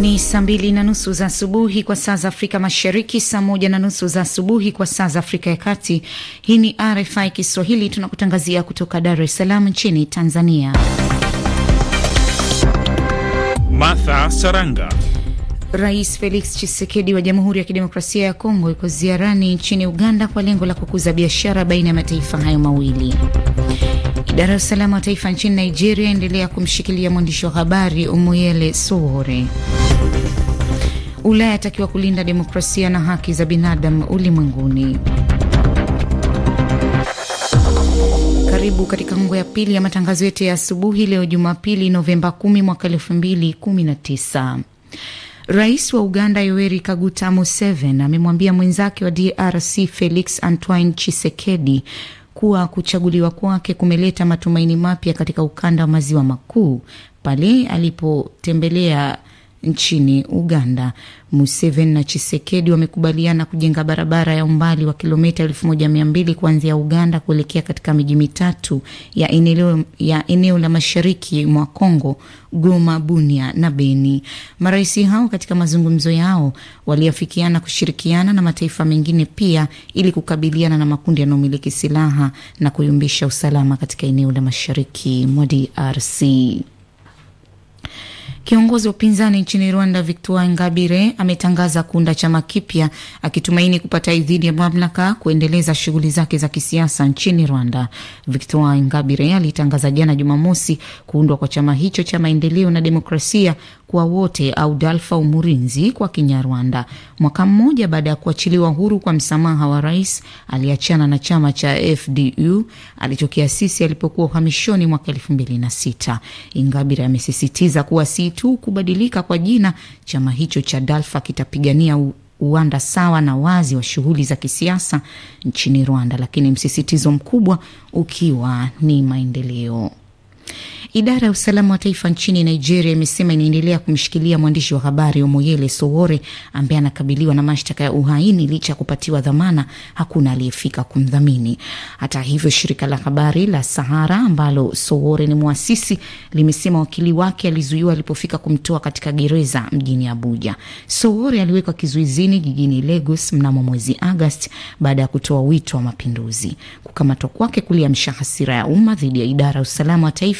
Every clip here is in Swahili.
Ni saa mbili na nusu za asubuhi kwa saa za Afrika Mashariki, saa moja na nusu za asubuhi kwa saa za Afrika ya Kati. Hii ni RFI Kiswahili, tunakutangazia kutoka Dar es Salaam nchini Tanzania. Martha Saranga. Rais Felix Tshisekedi wa Jamhuri ya Kidemokrasia ya Kongo yuko ziarani nchini Uganda kwa lengo la kukuza biashara baina ya mataifa hayo mawili. Idara ya usalama wa taifa nchini Nigeria endelea kumshikilia mwandishi wa habari Umuyele Sowore. Ulaya atakiwa kulinda demokrasia na haki za binadamu ulimwenguni. Karibu katika ngo ya pili ya matangazo yetu ya asubuhi leo Jumapili Novemba 10 mwaka 2019. Rais wa Uganda Yoweri Kaguta Museveni amemwambia mwenzake wa DRC Felix Antoine chisekedi kuwa kuchaguliwa kwake kumeleta matumaini mapya katika ukanda wa maziwa makuu pale alipotembelea nchini Uganda. Museveni na Chisekedi wamekubaliana kujenga barabara ya umbali wa kilomita elfu moja mia mbili kuanzia Uganda kuelekea katika miji mitatu ya eneo, ya eneo la mashariki mwa Congo, Goma, Bunia na Beni. Marais hao katika mazungumzo yao waliafikiana kushirikiana na mataifa mengine pia ili kukabiliana na makundi yanayomiliki silaha na kuyumbisha usalama katika eneo la mashariki mwa DRC. Kiongozi wa upinzani nchini Rwanda, Victoire ngabire ametangaza kuunda chama kipya akitumaini kupata idhini ya mamlaka kuendeleza shughuli zake za kisiasa nchini Rwanda. Victoire ngabire alitangaza jana Jumamosi kuundwa kwa chama hicho cha maendeleo na demokrasia kwa wote au Dalfa Umurinzi kwa Kinyarwanda. Mwaka mmoja baada ya kuachiliwa huru kwa msamaha wa rais, aliachana na chama cha FDU alichokiasisi alipokuwa uhamishoni mwaka elfu mbili na sita. Ingabire amesisitiza kuwa si tu kubadilika kwa jina, chama hicho cha Dalfa kitapigania u uwanda sawa na wazi wa shughuli za kisiasa nchini Rwanda, lakini msisitizo mkubwa ukiwa ni maendeleo. Idara ya usalama wa taifa nchini Nigeria imesema inaendelea kumshikilia mwandishi wa habari Omoyele Sowore ambaye anakabiliwa na mashtaka ya uhaini. Licha ya kupatiwa dhamana, hakuna aliyefika kumdhamini. Hata hivyo, shirika la habari la Sahara ambalo Sowore ni mwasisi limesema wakili wake alizuiwa alipofika kumtoa katika gereza mjini Abuja. Sowore aliwekwa kizuizini jijini Lagos mnamo mwezi Agasti baada ya kutoa wito wa mapinduzi. Kukamatwa kwake kuliamsha hasira ya umma dhidi ya idara ya usalama wa taifa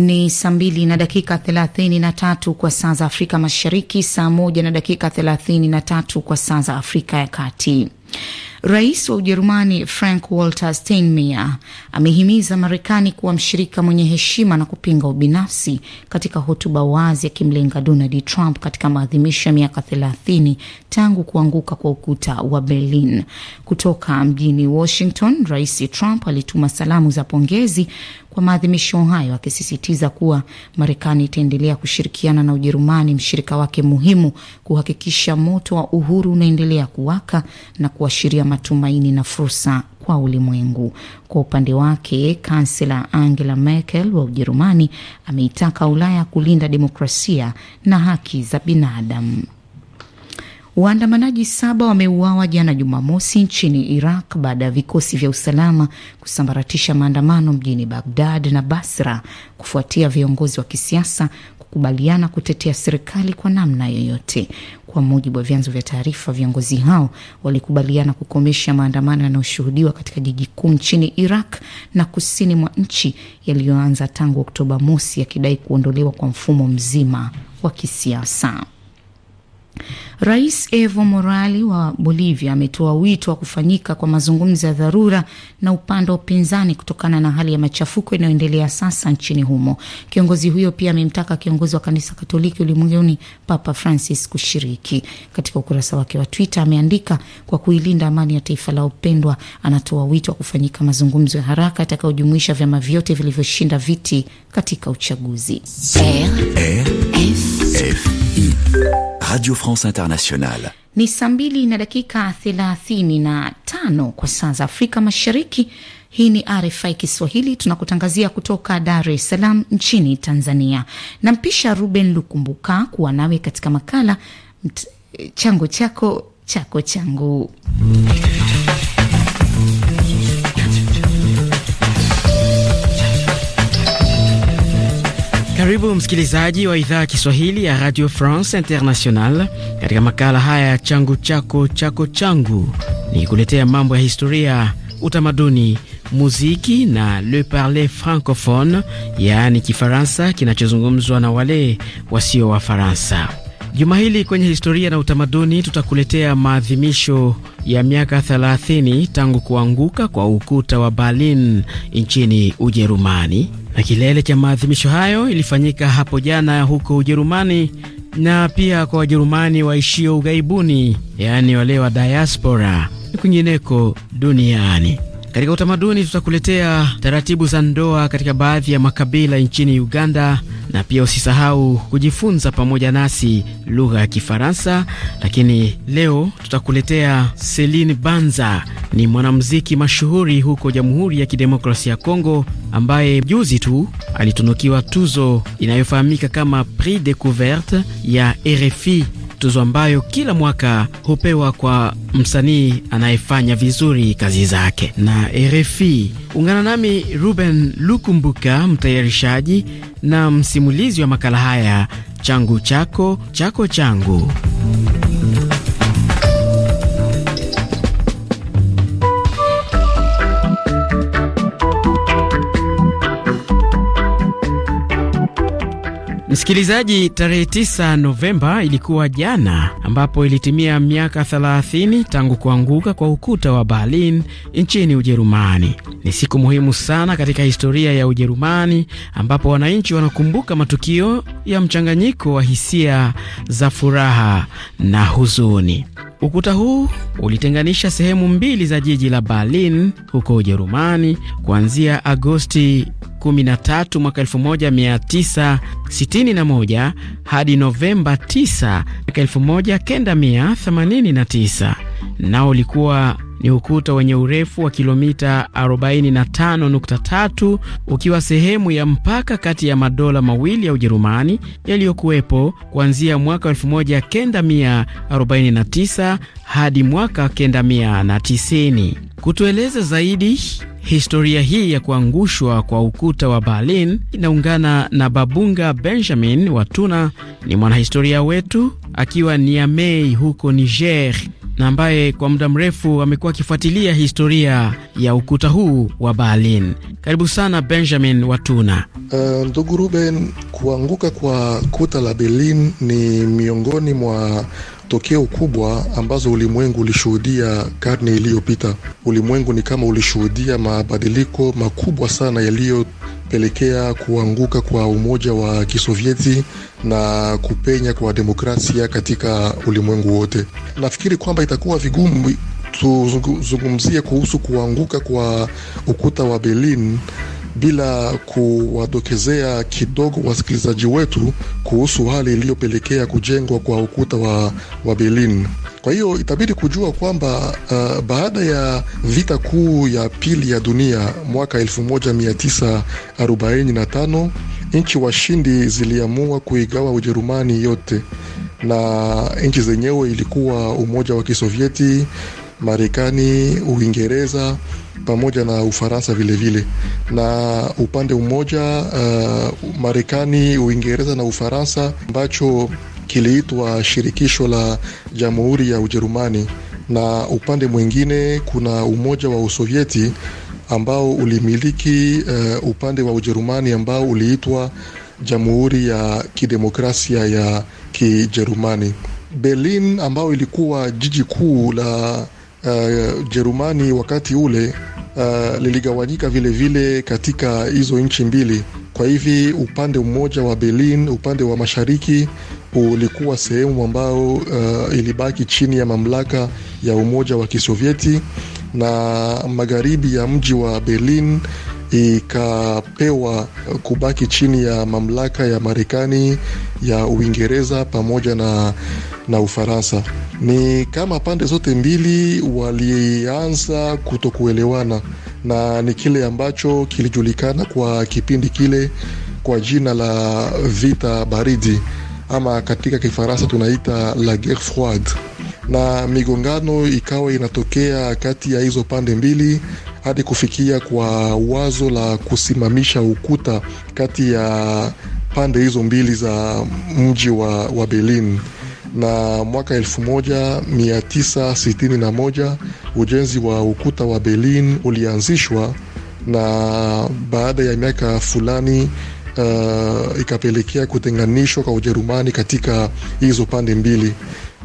Ni saa mbili na dakika thelathini na tatu kwa saa za Afrika Mashariki, saa moja na dakika thelathini na tatu kwa saa za Afrika ya Kati. Rais wa Ujerumani Frank Walter Steinmeier amehimiza Marekani kuwa mshirika mwenye heshima na kupinga ubinafsi katika hotuba wazi akimlenga Donald Trump katika maadhimisho ya miaka 30 tangu kuanguka kwa ukuta wa Berlin. Kutoka mjini Washington, Rais Trump alituma salamu za pongezi kwa maadhimisho hayo akisisitiza kuwa Marekani itaendelea kushirikiana na Ujerumani, mshirika wake muhimu, kuhakikisha moto wa uhuru unaendelea kuwaka na kuashiria matumaini na fursa kwa ulimwengu. Kwa upande wake, kansela Angela Merkel wa Ujerumani ameitaka Ulaya kulinda demokrasia na haki za binadamu. Waandamanaji saba wameuawa jana Jumamosi nchini Iraq baada ya vikosi vya usalama kusambaratisha maandamano mjini Bagdad na Basra kufuatia viongozi wa kisiasa kukubaliana kutetea serikali kwa namna yoyote. Kwa mujibu wa vyanzo vya taarifa, viongozi hao walikubaliana kukomesha maandamano yanayoshuhudiwa katika jiji kuu nchini Iraq na kusini mwa nchi yaliyoanza tangu Oktoba mosi, yakidai kuondolewa kwa mfumo mzima wa kisiasa. Rais Evo Morales wa Bolivia ametoa wito wa kufanyika kwa mazungumzo ya dharura na upande wa upinzani kutokana na hali ya machafuko inayoendelea sasa nchini humo. Kiongozi huyo pia amemtaka kiongozi wa kanisa Katoliki ulimwenguni Papa Francis kushiriki. Katika ukurasa wake wa Twitter ameandika, kwa kuilinda amani ya taifa la upendwa, anatoa wito wa kufanyika mazungumzo ya haraka yatakayojumuisha vyama vyote vilivyoshinda viti katika uchaguzi R. R. RFI Radio France Internationale. Ni saa mbili na dakika thelathini na tano kwa saa za Afrika Mashariki. Hii ni RFI Kiswahili, tunakutangazia kutoka Dar es Salaam nchini Tanzania. Nampisha Ruben Lukumbuka kuwa nawe katika makala Changu Chako Chako Changu. Karibu msikilizaji wa idhaa ya Kiswahili ya Radio France International katika makala haya ya changu chako chako changu, ni kuletea mambo ya historia, utamaduni, muziki na le parler francophone, yaani Kifaransa kinachozungumzwa na wale wasio wa Faransa. Juma hili kwenye historia na utamaduni tutakuletea maadhimisho ya miaka 30 tangu kuanguka kwa ukuta wa Berlin nchini Ujerumani, na kilele cha maadhimisho hayo ilifanyika hapo jana huko Ujerumani na pia kwa Wajerumani waishio ughaibuni, yaani wale wa diaspora, kwingineko duniani. Katika utamaduni tutakuletea taratibu za ndoa katika baadhi ya makabila nchini Uganda, na pia usisahau kujifunza pamoja nasi lugha ya Kifaransa. Lakini leo tutakuletea Celine Banza, ni mwanamuziki mashuhuri huko Jamhuri ya Kidemokrasia ya Kongo, ambaye juzi tu alitunukiwa tuzo inayofahamika kama Prix Decouverte ya RFI tuzo ambayo kila mwaka hupewa kwa msanii anayefanya vizuri kazi zake. Na RFI ungana nami Ruben Lukumbuka, mtayarishaji na msimulizi wa makala haya, changu chako chako changu. Msikilizaji, tarehe 9 Novemba ilikuwa jana, ambapo ilitimia miaka 30 tangu kuanguka kwa ukuta wa Berlin nchini Ujerumani. Ni siku muhimu sana katika historia ya Ujerumani, ambapo wananchi wanakumbuka matukio ya mchanganyiko wa hisia za furaha na huzuni. Ukuta huu ulitenganisha sehemu mbili za jiji la Berlin huko Ujerumani kuanzia Agosti 13 mwaka 1961 hadi Novemba 9 mwaka 1989, nao ulikuwa ni ukuta wenye urefu wa kilomita 45.3 ukiwa sehemu ya mpaka kati ya madola mawili ya Ujerumani yaliyokuwepo kuanzia mwaka 1949 hadi mwaka 1990. Kutueleza zaidi historia hii ya kuangushwa kwa ukuta wa Berlin inaungana na Babunga Benjamin Watuna, ni mwanahistoria wetu akiwa Niamey huko Niger na ambaye kwa muda mrefu amekuwa akifuatilia historia ya ukuta huu wa Berlin. Karibu sana Benjamin Watuna. Uh, ndugu Ruben, kuanguka kwa kuta la Berlin ni miongoni mwa tokeo kubwa ambazo ulimwengu ulishuhudia karne iliyopita. Ulimwengu ni kama ulishuhudia mabadiliko makubwa sana yaliyopelekea kuanguka kwa umoja wa Kisovyeti na kupenya kwa demokrasia katika ulimwengu wote nafikiri kwamba itakuwa vigumu tuzungumzie kuhusu kuanguka kwa ukuta wa Berlin bila kuwadokezea kidogo wasikilizaji wetu kuhusu hali iliyopelekea kujengwa kwa ukuta wa, wa Berlin. Kwa hiyo itabidi kujua kwamba uh, baada ya vita kuu ya pili ya dunia mwaka 1945 nchi washindi ziliamua kuigawa Ujerumani yote na nchi zenyewe ilikuwa Umoja wa Kisovieti, Marekani, Uingereza pamoja na Ufaransa vilevile vile. Na upande mmoja uh, Marekani, Uingereza na Ufaransa ambacho kiliitwa Shirikisho la Jamhuri ya Ujerumani, na upande mwingine kuna Umoja wa Usovieti ambao ulimiliki uh, upande wa Ujerumani ambao uliitwa Jamhuri ya Kidemokrasia ya Kijerumani. Berlin ambayo ilikuwa jiji kuu la uh, Jerumani wakati ule uh, liligawanyika vilevile katika hizo nchi mbili. Kwa hivi upande mmoja wa Berlin, upande wa mashariki ulikuwa sehemu ambayo uh, ilibaki chini ya mamlaka ya Umoja wa Kisovyeti na magharibi ya mji wa Berlin ikapewa kubaki chini ya mamlaka ya Marekani, ya Uingereza pamoja na, na Ufaransa. Ni kama pande zote mbili walianza kutokuelewana, na ni kile ambacho kilijulikana kwa kipindi kile kwa jina la vita baridi ama katika Kifaransa tunaita la guerre froide na migongano ikawa inatokea kati ya hizo pande mbili hadi kufikia kwa wazo la kusimamisha ukuta kati ya pande hizo mbili za mji wa, wa Berlin na mwaka 1961 ujenzi wa ukuta wa Berlin ulianzishwa, na baada ya miaka fulani uh, ikapelekea kutenganishwa kwa Ujerumani katika hizo pande mbili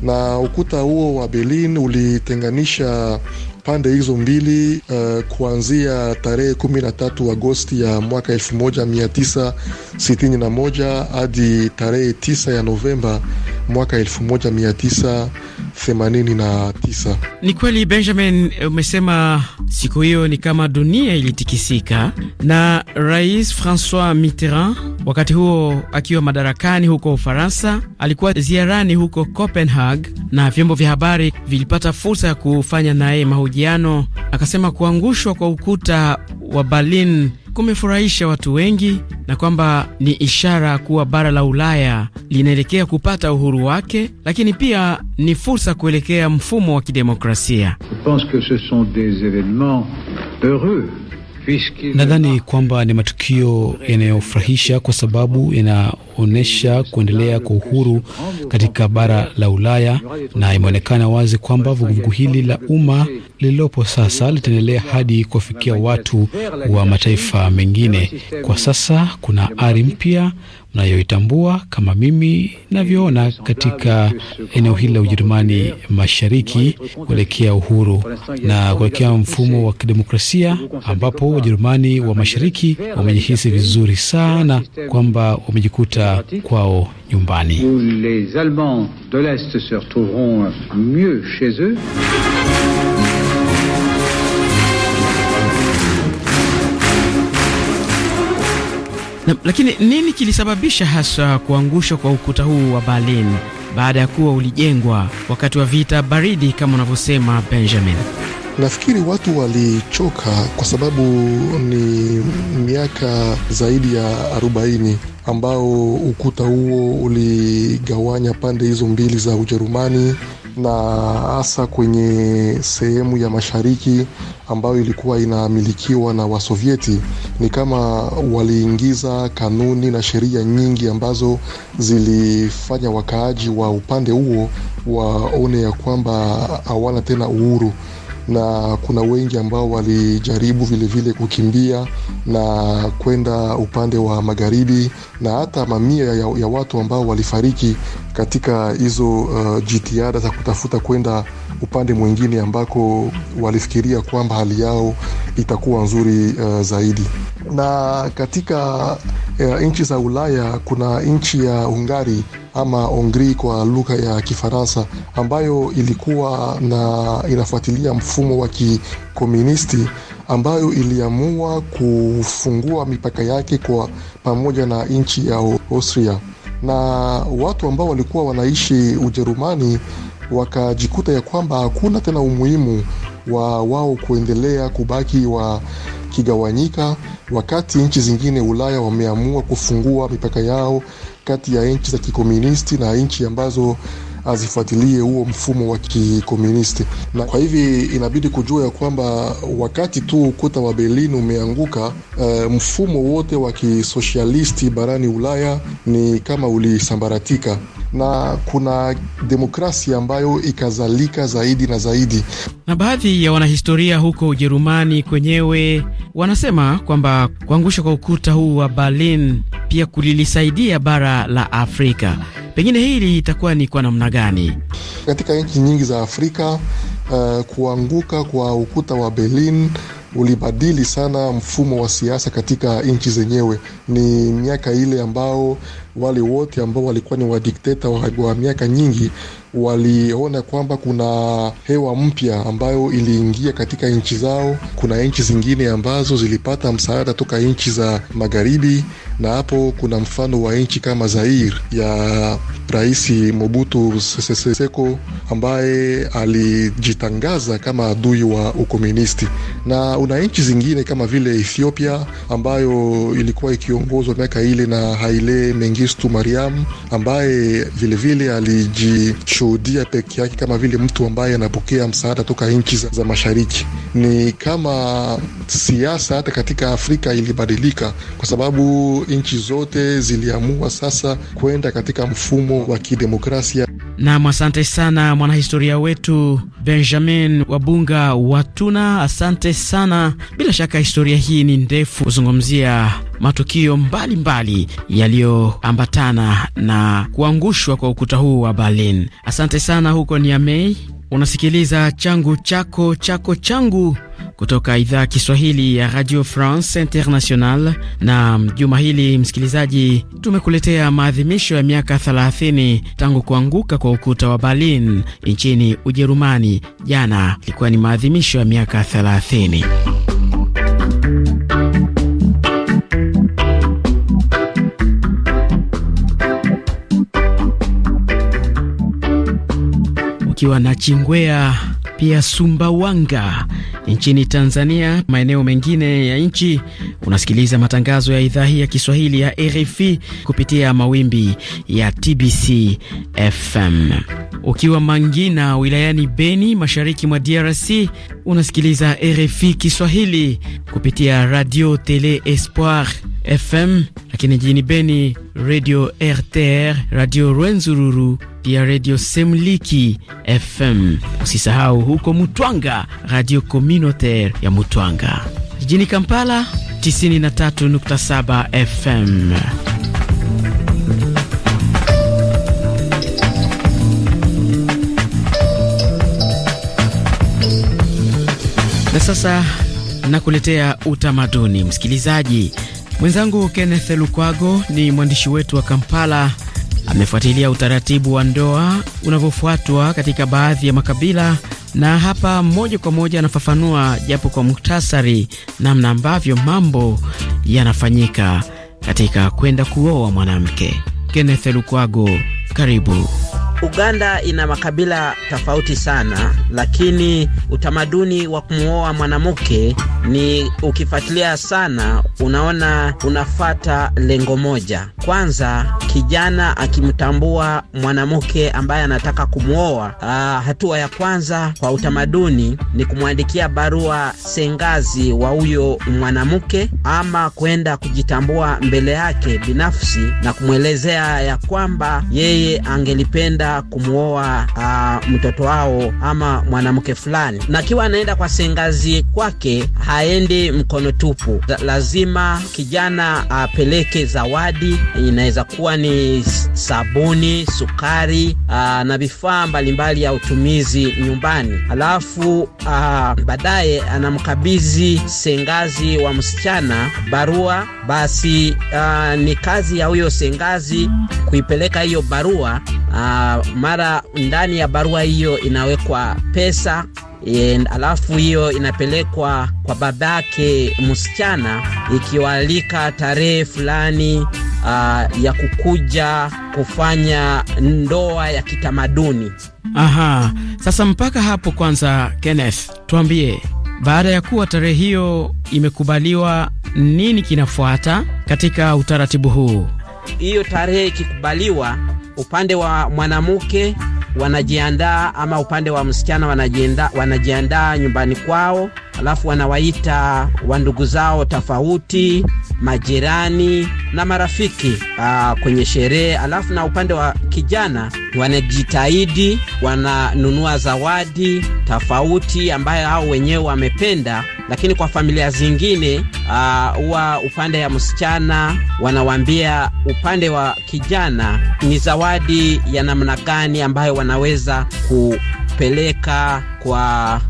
na ukuta huo wa Berlin ulitenganisha pande hizo mbili uh, kuanzia tarehe 13 Agosti ya mwaka 1961 hadi tarehe 9 ya Novemba mwaka 1989. Ni kweli Benjamin, umesema siku hiyo ni kama dunia ilitikisika, na Rais Francois Mitterrand wakati huo akiwa madarakani huko Ufaransa, alikuwa ziarani huko copenhague na vyombo vya habari vilipata fursa ya kufanya naye mahojiano. Akasema kuangushwa kwa ukuta wa Berlin kumefurahisha watu wengi na kwamba ni ishara kuwa bara la Ulaya linaelekea kupata uhuru wake, lakini pia ni fursa kuelekea mfumo wa kidemokrasia. Je pense que ce sont des événements heureux Nadhani kwamba ni matukio yanayofurahisha kwa sababu yanaonyesha kuendelea kwa uhuru katika bara la Ulaya, na imeonekana wazi kwamba vuguvugu hili la umma lililopo sasa litaendelea hadi kuwafikia watu wa mataifa mengine. Kwa sasa kuna ari mpya nayoitambua kama mimi navyoona katika eneo hili la Ujerumani Mashariki kuelekea uhuru na kuelekea mfumo wa kidemokrasia, ambapo Wajerumani wa Mashariki wamejihisi vizuri sana kwamba wamejikuta kwao nyumbani. Na, lakini nini kilisababisha hasa kuangushwa kwa ukuta huu wa Berlin baada ya kuwa ulijengwa wakati wa vita baridi kama unavyosema Benjamin? Nafikiri watu walichoka kwa sababu ni miaka zaidi ya arobaini ambao ukuta huo uligawanya pande hizo mbili za Ujerumani na hasa kwenye sehemu ya mashariki ambayo ilikuwa inamilikiwa na Wasovieti. Ni kama waliingiza kanuni na sheria nyingi ambazo zilifanya wakaaji wa upande huo waone ya kwamba hawana tena uhuru na kuna wengi ambao walijaribu vilevile vile kukimbia na kwenda upande wa magharibi na hata mamia ya, ya watu ambao walifariki katika hizo uh, jitihada za kutafuta kwenda upande mwingine ambako walifikiria kwamba hali yao itakuwa nzuri uh, zaidi. Na katika uh, nchi za Ulaya kuna nchi ya Ungari ama hongri kwa lugha ya Kifaransa, ambayo ilikuwa na inafuatilia mfumo wa kikomunisti, ambayo iliamua kufungua mipaka yake kwa pamoja na nchi ya Austria, na watu ambao walikuwa wanaishi Ujerumani wakajikuta ya kwamba hakuna tena umuhimu wa wao kuendelea kubaki wakigawanyika, wakati nchi zingine Ulaya wameamua kufungua mipaka yao kati ya nchi za kikomunisti na nchi ambazo azifuatilie huo mfumo wa kikomunisti. Na kwa hivi inabidi kujua ya kwamba wakati tu ukuta wa Berlin umeanguka, uh, mfumo wote wa kisosialisti barani Ulaya ni kama ulisambaratika na kuna demokrasia ambayo ikazalika zaidi na zaidi. Na baadhi ya wanahistoria huko Ujerumani kwenyewe wanasema kwamba kuangusha kwa ukuta huu wa Berlin pia kulilisaidia bara la Afrika. Pengine hili itakuwa ni kwa namna gani? Katika nchi nyingi za Afrika, uh, kuanguka kwa ukuta wa Berlin ulibadili sana mfumo wa siasa katika nchi zenyewe. Ni miaka ile ambao wale wote ambao walikuwa ni wadikteta wa, wa miaka nyingi waliona kwamba kuna hewa mpya ambayo iliingia katika nchi zao. Kuna nchi zingine ambazo zilipata msaada toka nchi za magharibi, na hapo kuna mfano wa nchi kama Zair ya Rais Mobutu Sese Seko ambaye alijitangaza kama adui wa ukomunisti, na una nchi zingine kama vile Ethiopia ambayo ilikuwa ikiongozwa miaka ile na Haile Mengistu Mariam ambaye vilevile aliji kushuhudia peke yake kama vile mtu ambaye anapokea msaada toka nchi za, za mashariki. Ni kama siasa hata katika Afrika ilibadilika, kwa sababu nchi zote ziliamua sasa kwenda katika mfumo wa kidemokrasia. Nam, asante sana mwanahistoria wetu Benjamin Wabunga Watuna, asante sana. Bila shaka historia hii ni ndefu kuzungumzia matukio mbalimbali yaliyoambatana na kuangushwa kwa ukuta huu wa Berlin. Asante sana huko Niamey. Unasikiliza changu chako chako changu kutoka idhaa ya Kiswahili ya Radio France International. Na juma hili, msikilizaji, tumekuletea maadhimisho ya miaka 30 tangu kuanguka kwa ukuta wa Berlin nchini Ujerumani. Jana ilikuwa ni maadhimisho ya miaka 30. akiwa na Chingwea pia Sumbawanga nchini Tanzania. Maeneo mengine ya nchi unasikiliza matangazo ya idhaa hii ya Kiswahili ya RFI kupitia mawimbi ya TBC FM. Ukiwa Mangina wilayani Beni, mashariki mwa DRC, unasikiliza RFI Kiswahili kupitia Radio Tele Espoir FM, lakini jijini Beni, Radio RTR, Radio Rwenzururu pia Radio Semliki FM. Usisahau huko Mutwanga, Radio Communautaire ya Mutwanga. Jijini Kampala 93.7 FM. Na sasa nakuletea utamaduni, msikilizaji. Mwenzangu Kenneth Lukwago ni mwandishi wetu wa Kampala amefuatilia utaratibu wa ndoa unavyofuatwa katika baadhi ya makabila, na hapa moja kwa moja anafafanua japo kwa muktasari namna ambavyo mambo yanafanyika katika kwenda kuoa mwanamke. Kenneth Lukwago, karibu. Uganda ina makabila tofauti sana, lakini utamaduni wa kumwoa mwanamke ni ukifuatilia sana, unaona unafata lengo moja. Kwanza, kijana akimtambua mwanamke ambaye anataka kumwoa, ah, hatua ya kwanza kwa utamaduni ni kumwandikia barua sengazi wa huyo mwanamke, ama kwenda kujitambua mbele yake binafsi na kumwelezea ya kwamba yeye angelipenda kumwoa ah, mtoto wao ama mwanamke fulani, na akiwa anaenda kwa sengazi kwake ha aendi mkono tupu. Lazima kijana apeleke zawadi, inaweza kuwa ni sabuni, sukari na vifaa mbalimbali ya utumizi nyumbani, alafu baadaye anamkabidhi sengazi wa msichana barua. Basi a, ni kazi ya huyo sengazi kuipeleka hiyo barua a, mara ndani ya barua hiyo inawekwa pesa E, alafu hiyo inapelekwa kwa babake msichana ikiwaalika tarehe fulani uh, ya kukuja kufanya ndoa ya kitamaduni. Aha, sasa mpaka hapo kwanza, Kenneth, tuambie baada ya kuwa tarehe hiyo imekubaliwa, nini kinafuata katika utaratibu huu? Hiyo tarehe ikikubaliwa, upande wa mwanamke wanajiandaa ama upande wa msichana wanajiandaa, wanajiandaa nyumbani kwao alafu wanawaita wandugu zao tofauti, majirani na marafiki aa, ah, kwenye sherehe. Alafu na upande wa kijana wanajitahidi, wananunua zawadi tofauti ambayo hao wenyewe wamependa, lakini kwa familia zingine ah, huwa upande ya msichana wanawaambia upande wa kijana ni zawadi ya namna gani ambayo wanaweza kupeleka kwa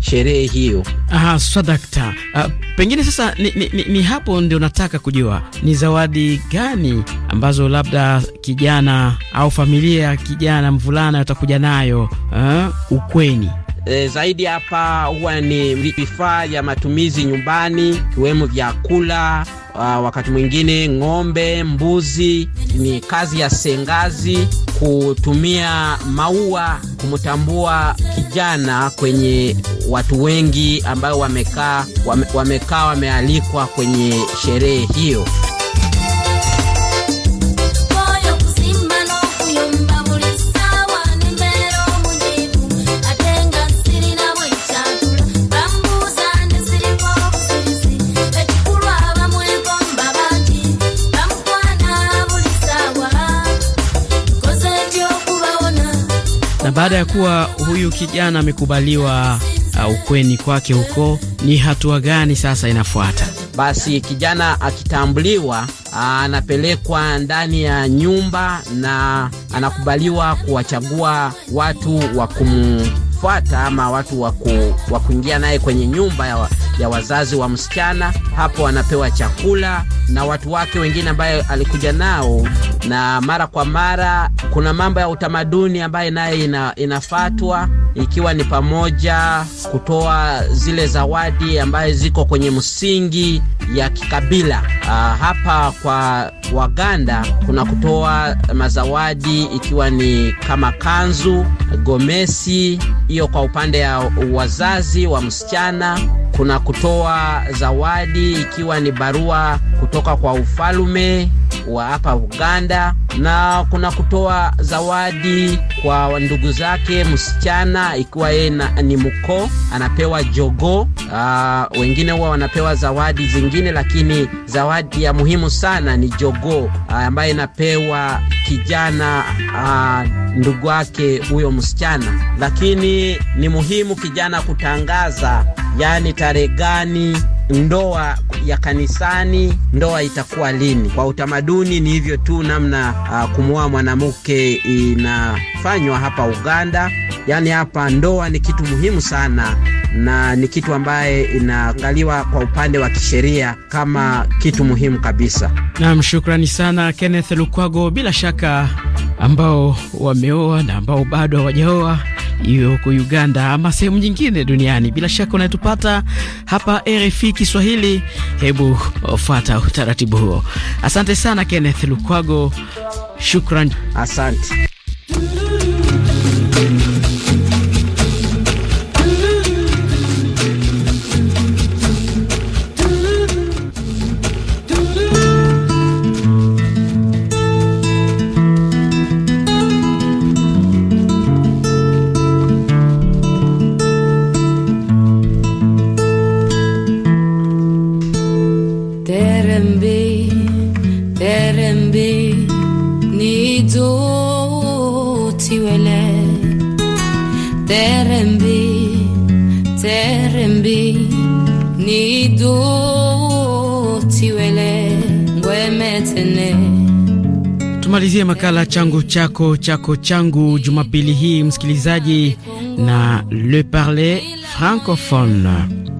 sherehe hiyo. Aha, dakta, Uh, pengine sasa ni, ni, ni, ni hapo ndio nataka kujua ni zawadi gani ambazo labda kijana au familia ya kijana mvulana atakuja nayo uh, ukweni. E, zaidi hapa huwa ni vifaa vya matumizi nyumbani ikiwemo vyakula uh, wakati mwingine ng'ombe, mbuzi. Ni kazi ya sengazi kutumia maua kumtambua kijana kwenye watu wengi ambao wamekaa wamekaa wamealikwa kwenye sherehe hiyo. baada ya kuwa huyu kijana amekubaliwa uh, ukweni kwake huko, ni hatua gani sasa inafuata? Basi kijana akitambuliwa uh, anapelekwa ndani ya nyumba na anakubaliwa kuwachagua watu wa kumfuata ama watu wa kuingia naye kwenye nyumba ya wa ya wazazi wa msichana. Hapo anapewa chakula na watu wake wengine ambaye alikuja nao, na mara kwa mara kuna mambo ya utamaduni ambayo naye ina, inafatwa ikiwa ni pamoja kutoa zile zawadi ambayo ziko kwenye msingi ya kikabila. Aa, ah, hapa kwa Waganda kuna kutoa mazawadi ikiwa ni kama kanzu, gomesi, hiyo kwa upande ya wazazi wa msichana kuna kutoa zawadi ikiwa ni barua kutoka kwa ufalume wa hapa Uganda, na kuna kutoa zawadi kwa ndugu zake msichana, ikiwa yeye ni mkoo anapewa Uh, Wengine huwa wanapewa zawadi zingine, lakini zawadi ya muhimu sana ni uh, ah, ambayo inapewa kijana uh, ndugu wake huyo msichana. Lakini ni muhimu kijana kutangaza yaani tarehe gani ndoa ya kanisani, ndoa itakuwa lini. Kwa utamaduni ni hivyo tu, namna uh, ah, kumwoa mwanamke inafanywa hapa Uganda. Yaani hapa ndoa ni kitu muhimu sana na ni kitu ambaye inaangaliwa kwa upande wa kisheria kama kitu muhimu kabisa. Naam, shukrani sana Kenneth Lukwago, bila shaka ambao wameoa na ambao bado hawajaoa hiyo huko Uganda ama sehemu nyingine duniani. Bila shaka unatupata hapa RFI Kiswahili. Hebu fuata utaratibu huo. Asante sana Kenneth Lukwago, shukran. Asante. makala changu chako chako changu Jumapili hii msikilizaji, na le parler francophone.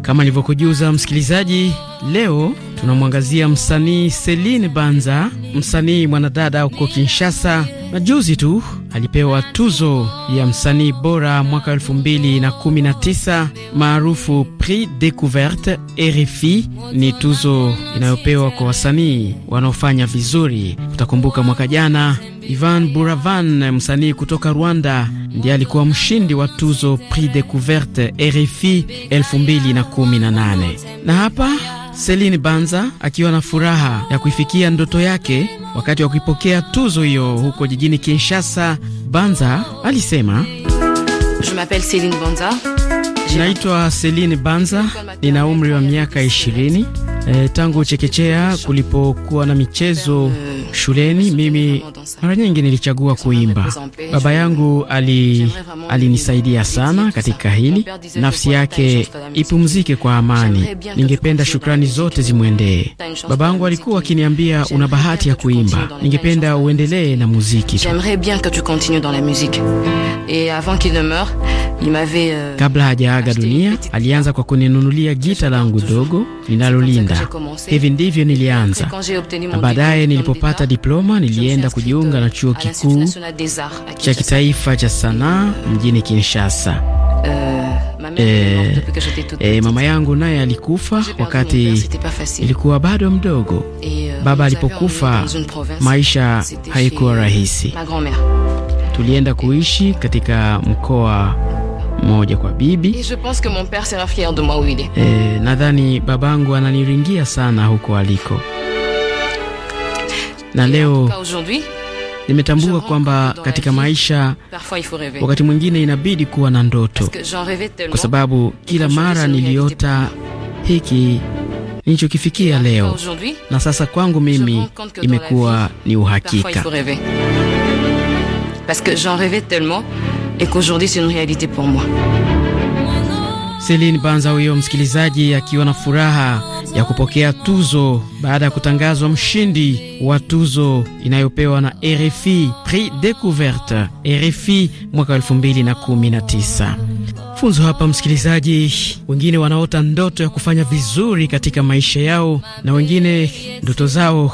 Kama nilivyokujuza msikilizaji, leo tunamwangazia msanii Celine Banza, msanii mwanadada huko Kinshasa, na juzi tu alipewa tuzo ya msanii bora mwaka 2019 maarufu Prix Decouverte RFI. Ni tuzo inayopewa kwa wasanii wanaofanya vizuri. Utakumbuka mwaka jana Ivan Buravan, msanii kutoka Rwanda, ndiye alikuwa mshindi wa tuzo Prix Decouverte RFI 2018. Na hapa Celine Banza akiwa na furaha ya kuifikia ndoto yake Wakati wa kuipokea tuzo hiyo huko jijini Kinshasa, Banza alisema naitwa Celine Banza, nina umri wa miaka ishirini e, tangu chekechea kulipokuwa na michezo shuleni, mimi mara nyingi nilichagua kuimba. Baba yangu alinisaidia ali sana katika hili, nafsi yake ipumzike kwa amani. Ningependa shukrani zote zimwendee baba yangu. Alikuwa akiniambia una bahati ya kuimba, ningependa uendelee na muziki tu. Uh, Kabla hajaaga dunia, alianza kwa kuninunulia gita langu dogo linalolinda. Hivi ndivyo nilianza, na baadaye nilipopata diploma nilienda kujiunga na chuo kikuu cha kitaifa cha sanaa mjini Kinshasa. E, e, mama yangu naye alikufa wakati ilikuwa bado mdogo. Euh, Baba alipokufa maisha haikuwa euh, rahisi. Tulienda kuishi katika mkoa moja kwa bibi. E, nadhani babangu ananiringia sana huko aliko, na leo nimetambua kwamba katika maisha wakati mwingine inabidi kuwa na ndoto, kwa sababu kila mara niliota hiki nilichokifikia leo, na sasa kwangu mimi imekuwa ni uhakika et qu'aujourd'hui c'est une réalité pour moi. Celine Banza huyo msikilizaji akiwa na furaha ya kupokea tuzo baada ya kutangazwa mshindi wa tuzo inayopewa na RFI Prix Découverte RFI mwaka 2019. Funzo hapa msikilizaji, wengine wanaota ndoto ya kufanya vizuri katika maisha yao na wengine ndoto zao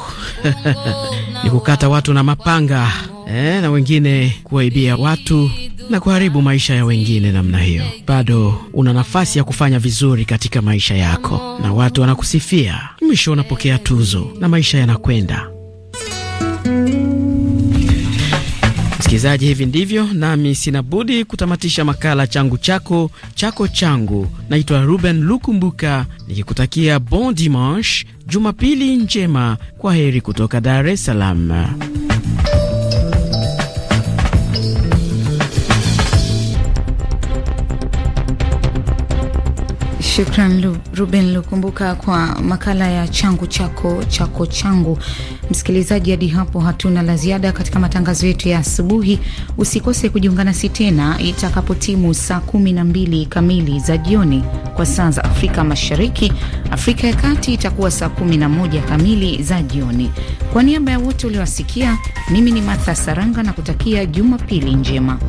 ni kukata watu na mapanga eh, na wengine kuwaibia watu na kuharibu maisha ya wengine namna hiyo, bado una nafasi ya kufanya vizuri katika maisha yako, na watu wanakusifia, mwisho unapokea tuzo na maisha yanakwenda. Msikilizaji, hivi ndivyo nami sina budi kutamatisha makala changu chako chako changu. Naitwa Ruben Lukumbuka nikikutakia bon dimanche, Jumapili njema. Kwa heri kutoka Dar es Salaam. Shukran Lu, Ruben Lukumbuka kwa makala ya changu chako chako changu. Msikilizaji, hadi hapo hatuna la ziada katika matangazo yetu ya asubuhi. Usikose kujiunga nasi tena itakapotimu saa kumi na mbili kamili za jioni kwa saa za Afrika Mashariki. Afrika ya Kati itakuwa saa kumi na moja kamili za jioni. Kwa niaba ya wote uliowasikia, mimi ni Martha Saranga na kutakia Jumapili njema.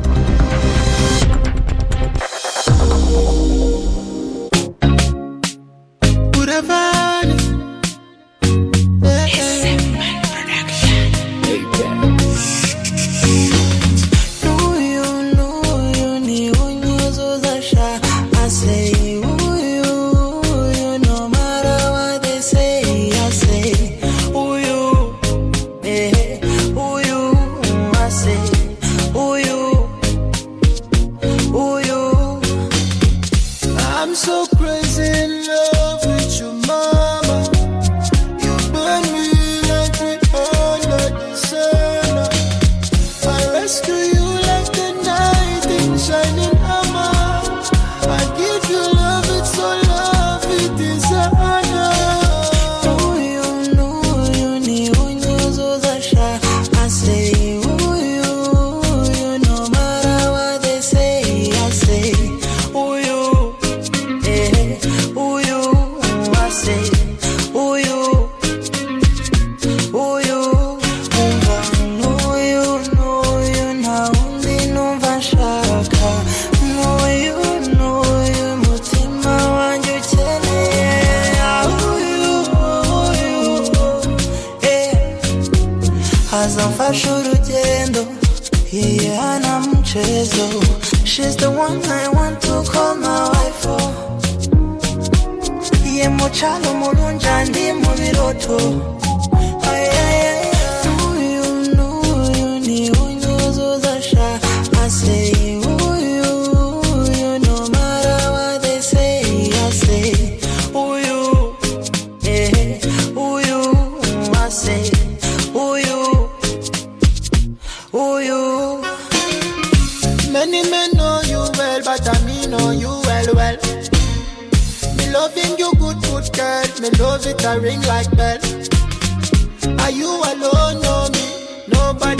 Chalo mulunja ndi mu biroto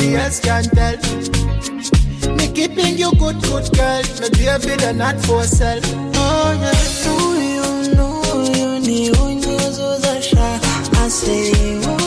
tears can tell. Me keeping you good, good girl. Me baby, they're not for sale. Oh yeah. No, you know you need to use the I say.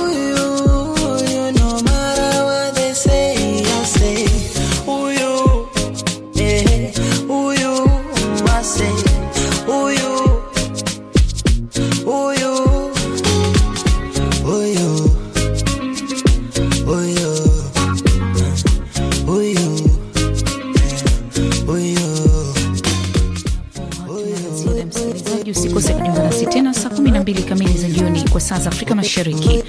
should've gave.